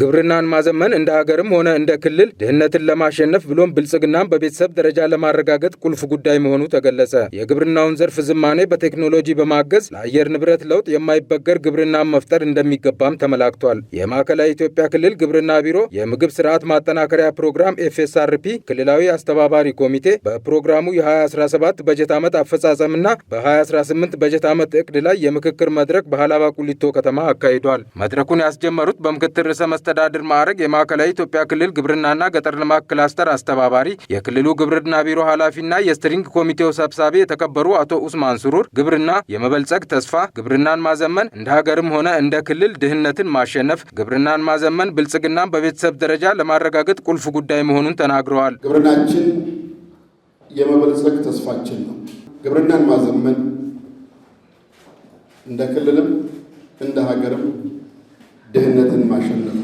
ግብርናን ማዘመን እንደ ሀገርም ሆነ እንደ ክልል ድህነትን ለማሸነፍ ብሎም ብልጽግናን በቤተሰብ ደረጃ ለማረጋገጥ ቁልፍ ጉዳይ መሆኑ ተገለጸ። የግብርናውን ዘርፍ ዝማኔ በቴክኖሎጂ በማገዝ ለአየር ንብረት ለውጥ የማይበገር ግብርናን መፍጠር እንደሚገባም ተመላክቷል። የማዕከላዊ ኢትዮጵያ ክልል ግብርና ቢሮ የምግብ ስርዓት ማጠናከሪያ ፕሮግራም ኤፍኤስአርፒ ክልላዊ አስተባባሪ ኮሚቴ በፕሮግራሙ የ2017 በጀት ዓመት አፈጻጸምና በ2018 በጀት ዓመት እቅድ ላይ የምክክር መድረክ በሀላባ ቁሊቶ ከተማ አካሂዷል። መድረኩን ያስጀመሩት በምክትል ርዕሰ አስተዳደር ማዕረግ የማዕከላዊ ኢትዮጵያ ክልል ግብርናና ገጠር ልማት ክላስተር አስተባባሪ የክልሉ ግብርና ቢሮ ኃላፊና የስትሪንግ ኮሚቴው ሰብሳቢ የተከበሩ አቶ ኡስማን ስሩር ግብርና የመበልጸግ ተስፋ፣ ግብርናን ማዘመን እንደ ሀገርም ሆነ እንደ ክልል ድህነትን ማሸነፍ፣ ግብርናን ማዘመን ብልጽግናን በቤተሰብ ደረጃ ለማረጋገጥ ቁልፍ ጉዳይ መሆኑን ተናግረዋል። ግብርናችን የመበልጸግ ተስፋችን ነው። ግብርናን ማዘመን እንደ ክልልም እንደ ሀገርም ድህነትን ማሸነፍ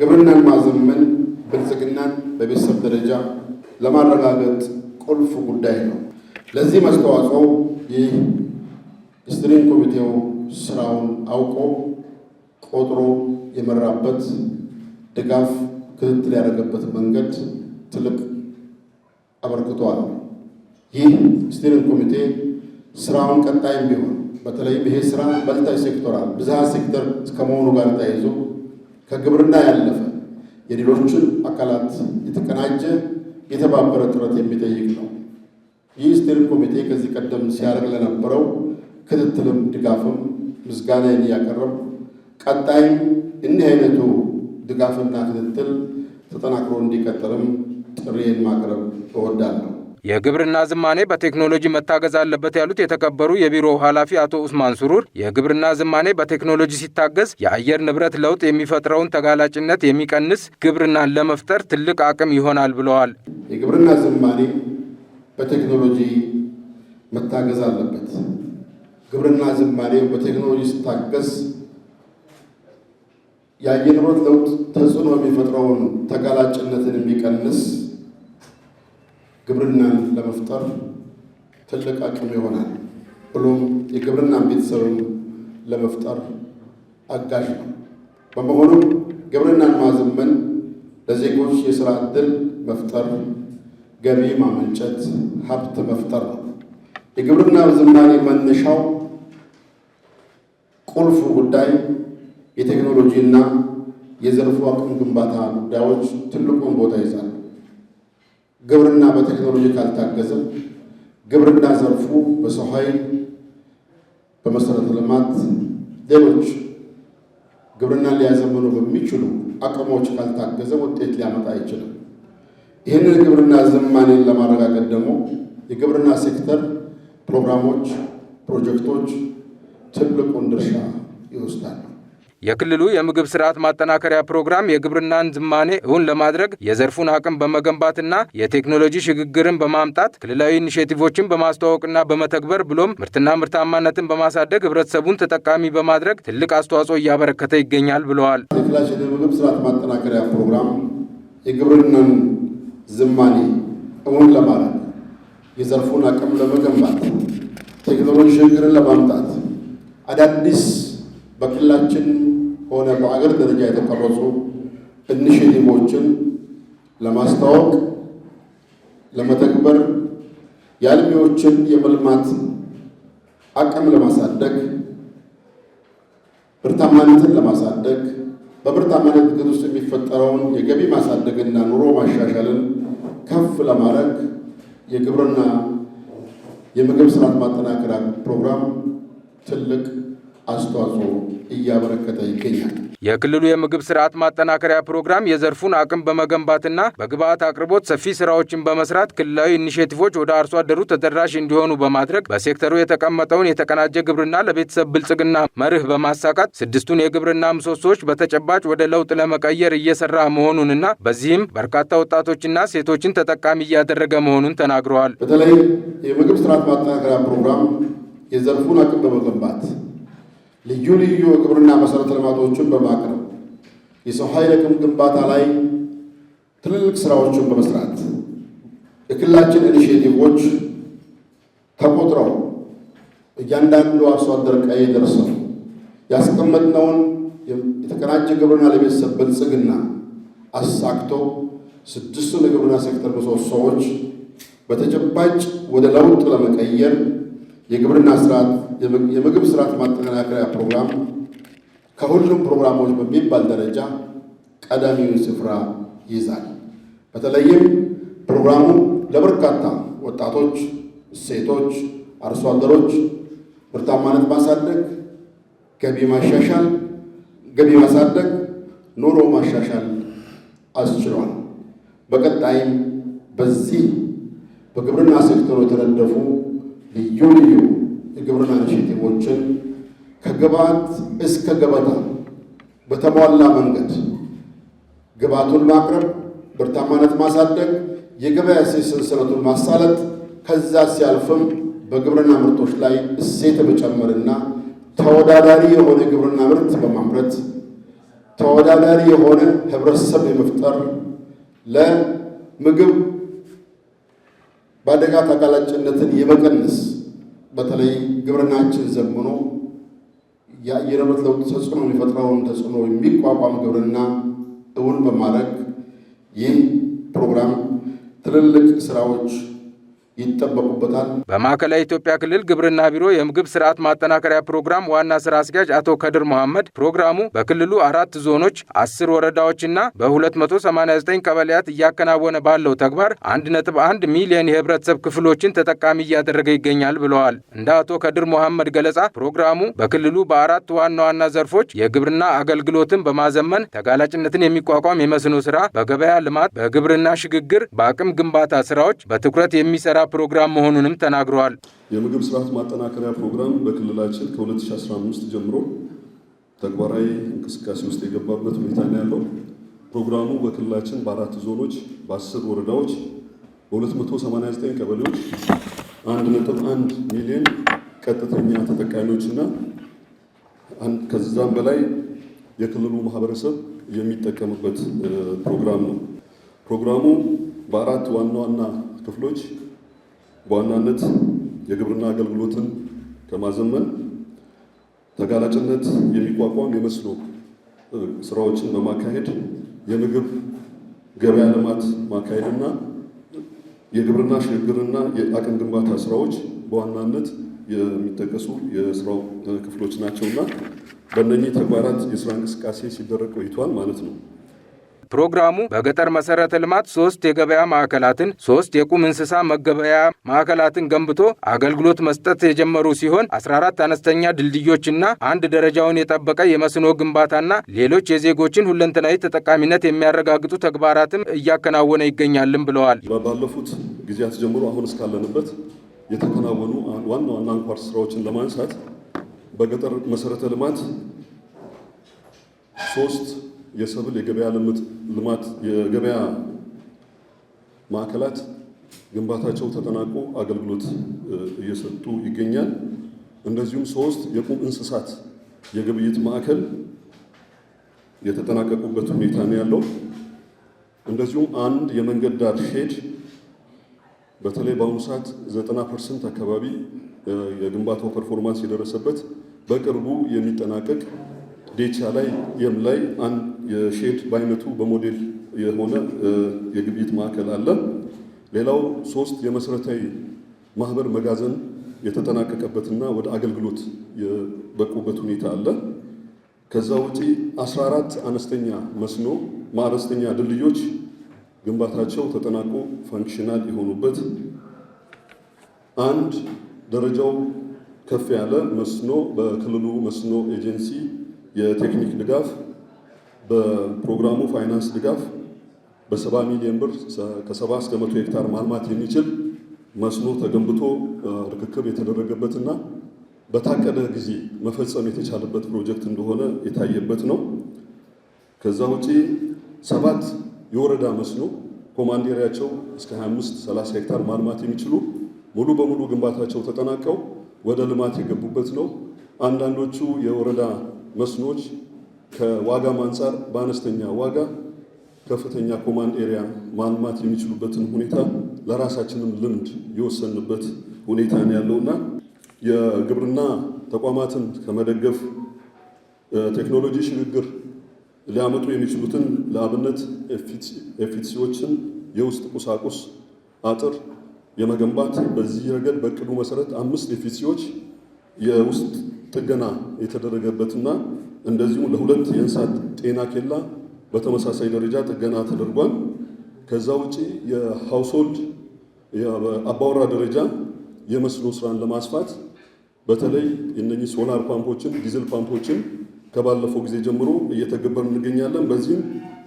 ግብርናን ማዘመን ብልጽግናን በቤተሰብ ደረጃ ለማረጋገጥ ቁልፍ ጉዳይ ነው። ለዚህ አስተዋጽኦ ይህ ስትሪንግ ኮሚቴው ስራውን አውቆ ቆጥሮ የመራበት ድጋፍ ክትትል ያደረገበት መንገድ ትልቅ አበርክቷል። ይህ ስቲሪንግ ኮሚቴ ስራውን ቀጣይም ቢሆን በተለይም ይሄ ስራ በልታዊ ሴክቶራል ብዝሃ ሴክተር ከመሆኑ ጋር ተያይዞ ከግብርና ያለፈ የሌሎችን አካላት የተቀናጀ የተባበረ ጥረት የሚጠይቅ ነው። ይህ ስቴሪንግ ኮሚቴ ከዚህ ቀደም ሲያደርግ ለነበረው ክትትልም ድጋፍም ምስጋናን እያቀረብ ቀጣይም እኒህ አይነቱ ድጋፍና ክትትል ተጠናክሮ እንዲቀጥልም ጥሪዬን ማቅረብ እወዳለሁ። የግብርና ዝማኔ በቴክኖሎጂ መታገዝ አለበት ያሉት የተከበሩ የቢሮው ኃላፊ አቶ ኡስማን ሱሩር የግብርና ዝማኔ በቴክኖሎጂ ሲታገዝ የአየር ንብረት ለውጥ የሚፈጥረውን ተጋላጭነት የሚቀንስ ግብርናን ለመፍጠር ትልቅ አቅም ይሆናል ብለዋል። የግብርና ዝማኔ በቴክኖሎጂ መታገዝ አለበት። ግብርና ዝማኔ በቴክኖሎጂ ሲታገዝ የአየር ንብረት ለውጥ ተጽዕኖ የሚፈጥረውን ተጋላጭነትን የሚቀንስ ግብርናን ለመፍጠር ትልቅ አቅም ይሆናል። ብሎም የግብርናን ቤተሰብን ለመፍጠር አጋዥ ነው። በመሆኑም ግብርናን ማዘመን ለዜጎች የሥራ ዕድል መፍጠር፣ ገቢ ማመንጨት፣ ሀብት መፍጠር ነው። የግብርና ዝማኔ መነሻው ቁልፍ ጉዳይ የቴክኖሎጂ እና የዘርፉ አቅም ግንባታ ጉዳዮች ትልቁን ቦታ ይዛል። ግብርና በቴክኖሎጂ ካልታገዘ ግብርና ዘርፉ በሰው ኃይል፣ በመሰረተ ልማት፣ ሌሎች ግብርና ሊያዘምኑ በሚችሉ አቅሞች ካልታገዘ ውጤት ሊያመጣ አይችልም። ይህንን ግብርና ዝማኔን ለማረጋገጥ ደግሞ የግብርና ሴክተር ፕሮግራሞች፣ ፕሮጀክቶች ትልቁን ድርሻ ይወስዳሉ። የክልሉ የምግብ ስርዓት ማጠናከሪያ ፕሮግራም የግብርናን ዝማኔ እውን ለማድረግ የዘርፉን አቅም በመገንባትና የቴክኖሎጂ ሽግግርን በማምጣት ክልላዊ ኢኒሽቲቮችን በማስተዋወቅና በመተግበር ብሎም ምርትና ምርታማነትን በማሳደግ ህብረተሰቡን ተጠቃሚ በማድረግ ትልቅ አስተዋጽኦ እያበረከተ ይገኛል ብለዋል። የክልላችን የምግብ ስርዓት ማጠናከሪያ ፕሮግራም የግብርናን ዝማኔ እውን ለማድረግ የዘርፉን አቅም ለመገንባት ቴክኖሎጂ ሽግግርን ለማምጣት አዳዲስ በክልላችን ሆነ በአገር ደረጃ የተቀረጹ ኢኒሼቲቮችን ለማስተዋወቅ ለመተግበር የአልሚዎችን የመልማት አቅም ለማሳደግ ምርታማነትን ለማሳደግ በምርታማነት እድገት ውስጥ የሚፈጠረውን የገቢ ማሳደግና ኑሮ ማሻሻልን ከፍ ለማድረግ የግብርና የምግብ ስርዓት ማጠናከሪያ ፕሮግራም ትልቅ አስተዋጽኦ እያበረከተ ይገኛል። የክልሉ የምግብ ስርዓት ማጠናከሪያ ፕሮግራም የዘርፉን አቅም በመገንባትና በግብአት አቅርቦት ሰፊ ስራዎችን በመስራት ክልላዊ ኢኒሽቲቮች ወደ አርሶ አደሩ ተደራሽ እንዲሆኑ በማድረግ በሴክተሩ የተቀመጠውን የተቀናጀ ግብርና ለቤተሰብ ብልጽግና መርህ በማሳካት ስድስቱን የግብርና ምሰሶዎች በተጨባጭ ወደ ለውጥ ለመቀየር እየሰራ መሆኑንና በዚህም በርካታ ወጣቶችና ሴቶችን ተጠቃሚ እያደረገ መሆኑን ተናግረዋል። በተለይ የምግብ ስርዓት ማጠናከሪያ ፕሮግራም የዘርፉን አቅም በመገንባት ልዩ ልዩ የግብርና መሰረተ ልማቶችን በማቅረብ የሰው ኃይል ግንባታ ላይ ትልልቅ ስራዎችን በመስራት የክልላችን ኢኒሽቲቮች ተቆጥረው እያንዳንዱ አርሶ አደር ቀይ ደርሰው ያስቀመጥነውን የተቀናጀ ግብርና ለቤተሰብ ብልጽግና አሳክቶ ስድስቱን የግብርና ሴክተር ምሰሶዎች በተጨባጭ ወደ ለውጥ ለመቀየር የግብርና ስርዓት የምግብ ስርዓት ማጠናከሪያ ፕሮግራም ከሁሉም ፕሮግራሞች በሚባል ደረጃ ቀዳሚውን ስፍራ ይይዛል። በተለይም ፕሮግራሙ ለበርካታ ወጣቶች ሴቶች፣ አርሶ አደሮች ምርታማነት ማሳደግ፣ ገቢ ማሻሻል፣ ገቢ ማሳደግ፣ ኑሮ ማሻሻል አስችሏል። በቀጣይም በዚህ በግብርና ሴክተሩ የተነደፉ ልዩ ልዩ ከግብዓት እስከ ገበታ በተሟላ መንገድ ግብዓቱን ማቅረብ፣ ምርታማነት ማሳደግ፣ የገበያ ሰንሰለቱን ማሳለጥ ከዛ ሲያልፍም በግብርና ምርቶች ላይ እሴት መጨመርና ተወዳዳሪ የሆነ ግብርና ምርት በማምረት ተወዳዳሪ የሆነ ህብረተሰብ የመፍጠር ለምግብ በአደጋ ተጋላጭነትን የመቀነስ በተለይ ግብርናችን ዘምኖ የአየር ንብረት ለውጥ ተጽዕኖ የሚፈጥረውን ተጽዕኖ የሚቋቋም ግብርና እውን በማድረግ ይህ ፕሮግራም ትልልቅ ስራዎች ይጠበቁበታል። በማዕከላዊ ኢትዮጵያ ክልል ግብርና ቢሮ የምግብ ስርዓት ማጠናከሪያ ፕሮግራም ዋና ስራ አስኪያጅ አቶ ከድር መሐመድ ፕሮግራሙ በክልሉ አራት ዞኖች አስር ወረዳዎችና በ289 ቀበሌያት እያከናወነ ባለው ተግባር 1.1 ሚሊዮን የህብረተሰብ ክፍሎችን ተጠቃሚ እያደረገ ይገኛል ብለዋል። እንደ አቶ ከድር መሐመድ ገለጻ ፕሮግራሙ በክልሉ በአራት ዋና ዋና ዘርፎች የግብርና አገልግሎትን በማዘመን ተጋላጭነትን የሚቋቋም የመስኖ ስራ፣ በገበያ ልማት፣ በግብርና ሽግግር፣ በአቅም ግንባታ ስራዎች በትኩረት የሚሰራ ፕሮግራም መሆኑንም ተናግረዋል። የምግብ ስርዓት ማጠናከሪያ ፕሮግራም በክልላችን ከ2015 ጀምሮ ተግባራዊ እንቅስቃሴ ውስጥ የገባበት ሁኔታ ነው ያለው። ፕሮግራሙ በክልላችን በአራት ዞኖች በአስር ወረዳዎች በ289 ቀበሌዎች 1.1 ሚሊዮን ቀጥተኛ ተጠቃሚዎች እና ከዛም በላይ የክልሉ ማህበረሰብ የሚጠቀምበት ፕሮግራም ነው። ፕሮግራሙ በአራት ዋና ዋና ክፍሎች በዋናነት የግብርና አገልግሎትን ከማዘመን ተጋላጭነት የሚቋቋም የመስኖ ስራዎችን በማካሄድ የምግብ ገበያ ልማት ማካሄድና የግብርና ሽግግርና የአቅም ግንባታ ስራዎች በዋናነት የሚጠቀሱ የስራው ክፍሎች ናቸውና በእነኚህ ተግባራት የስራ እንቅስቃሴ ሲደረግ ቆይቷል ማለት ነው። ፕሮግራሙ በገጠር መሰረተ ልማት ሶስት የገበያ ማዕከላትን፣ ሶስት የቁም እንስሳ መገበያ ማዕከላትን ገንብቶ አገልግሎት መስጠት የጀመሩ ሲሆን 14 አነስተኛ ድልድዮችና አንድ ደረጃውን የጠበቀ የመስኖ ግንባታና ሌሎች የዜጎችን ሁለንተናዊ ተጠቃሚነት የሚያረጋግጡ ተግባራትም እያከናወነ ይገኛልም ብለዋል። ባለፉት ጊዜያት ጀምሮ አሁን እስካለንበት የተከናወኑ ዋና ዋና አንኳር ስራዎችን ለማንሳት በገጠር መሰረተ ልማት ሶስት የሰብል የገበያ ልምት ልማት የገበያ ማዕከላት ግንባታቸው ተጠናቆ አገልግሎት እየሰጡ ይገኛል። እንደዚሁም ሶስት የቁም እንስሳት የግብይት ማዕከል የተጠናቀቁበት ሁኔታ ነው ያለው። እንደዚሁም አንድ የመንገድ ዳር ሼድ በተለይ በአሁኑ ሰዓት ዘጠና ፐርሰንት አካባቢ የግንባታው ፐርፎርማንስ የደረሰበት በቅርቡ የሚጠናቀቅ ዴቻ ላይ የም ላይ አንድ የሼድ በአይነቱ በሞዴል የሆነ የግብይት ማዕከል አለ። ሌላው ሶስት የመሰረታዊ ማህበር መጋዘን የተጠናቀቀበትና ወደ አገልግሎት የበቁበት ሁኔታ አለ። ከዛ ውጪ 14 አነስተኛ መስኖ ማረስተኛ ድልድዮች ግንባታቸው ተጠናቆ ፋንክሽናል የሆኑበት አንድ ደረጃው ከፍ ያለ መስኖ በክልሉ መስኖ ኤጀንሲ የቴክኒክ ድጋፍ፣ በፕሮግራሙ ፋይናንስ ድጋፍ በሰባ ሚሊዮን ብር ከሰባ እስከ መቶ ሄክታር ማልማት የሚችል መስኖ ተገንብቶ ርክክብ የተደረገበትና በታቀደ ጊዜ መፈጸም የተቻለበት ፕሮጀክት እንደሆነ የታየበት ነው። ከዛ ውጪ ሰባት የወረዳ መስኖ ኮማንዴሪያቸው እስከ 25 30 ሄክታር ማልማት የሚችሉ ሙሉ በሙሉ ግንባታቸው ተጠናቀው ወደ ልማት የገቡበት ነው። አንዳንዶቹ የወረዳ መስኖች ከዋጋም አንጻር በአነስተኛ ዋጋ ከፍተኛ ኮማንድ ኤሪያ ማልማት የሚችሉበትን ሁኔታ ለራሳችንም ልምድ የወሰንበት ሁኔታ ነው ያለውና የግብርና ተቋማትን ከመደገፍ ቴክኖሎጂ ሽግግር ሊያመጡ የሚችሉትን ለአብነት ኤፍቲሲዎችን፣ የውስጥ ቁሳቁስ፣ አጥር የመገንባት በዚህ ረገድ በእቅዱ መሰረት አምስት ኤፍቲሲዎች የውስጥ ጥገና የተደረገበትና እንደዚሁም ለሁለት የእንስሳት ጤና ኬላ በተመሳሳይ ደረጃ ጥገና ተደርጓል። ከዛ ውጪ የሃውስሆልድ አባወራ ደረጃ የመስኖ ስራን ለማስፋት በተለይ የነኚህ ሶላር ፓምፖችን፣ ዲዝል ፓምፖችን ከባለፈው ጊዜ ጀምሮ እየተገበር እንገኛለን። በዚህም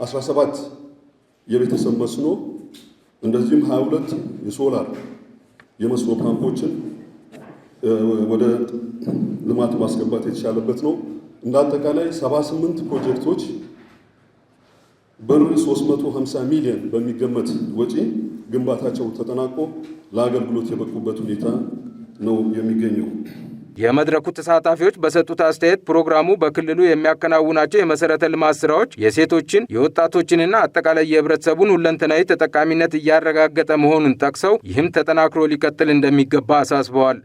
17 የቤተሰብ መስኖ እንደዚሁም 22 የሶላር የመስኖ ፓምፖችን ወደ ልማት ማስገባት የተቻለበት ነው። እንደ አጠቃላይ 78 ፕሮጀክቶች ብር 350 ሚሊዮን በሚገመት ወጪ ግንባታቸው ተጠናቆ ለአገልግሎት የበቁበት ሁኔታ ነው የሚገኘው። የመድረኩ ተሳታፊዎች በሰጡት አስተያየት ፕሮግራሙ በክልሉ የሚያከናውናቸው የመሰረተ ልማት ስራዎች የሴቶችን የወጣቶችንና አጠቃላይ የህብረተሰቡን ሁለንተናዊ ተጠቃሚነት እያረጋገጠ መሆኑን ጠቅሰው ይህም ተጠናክሮ ሊቀጥል እንደሚገባ አሳስበዋል።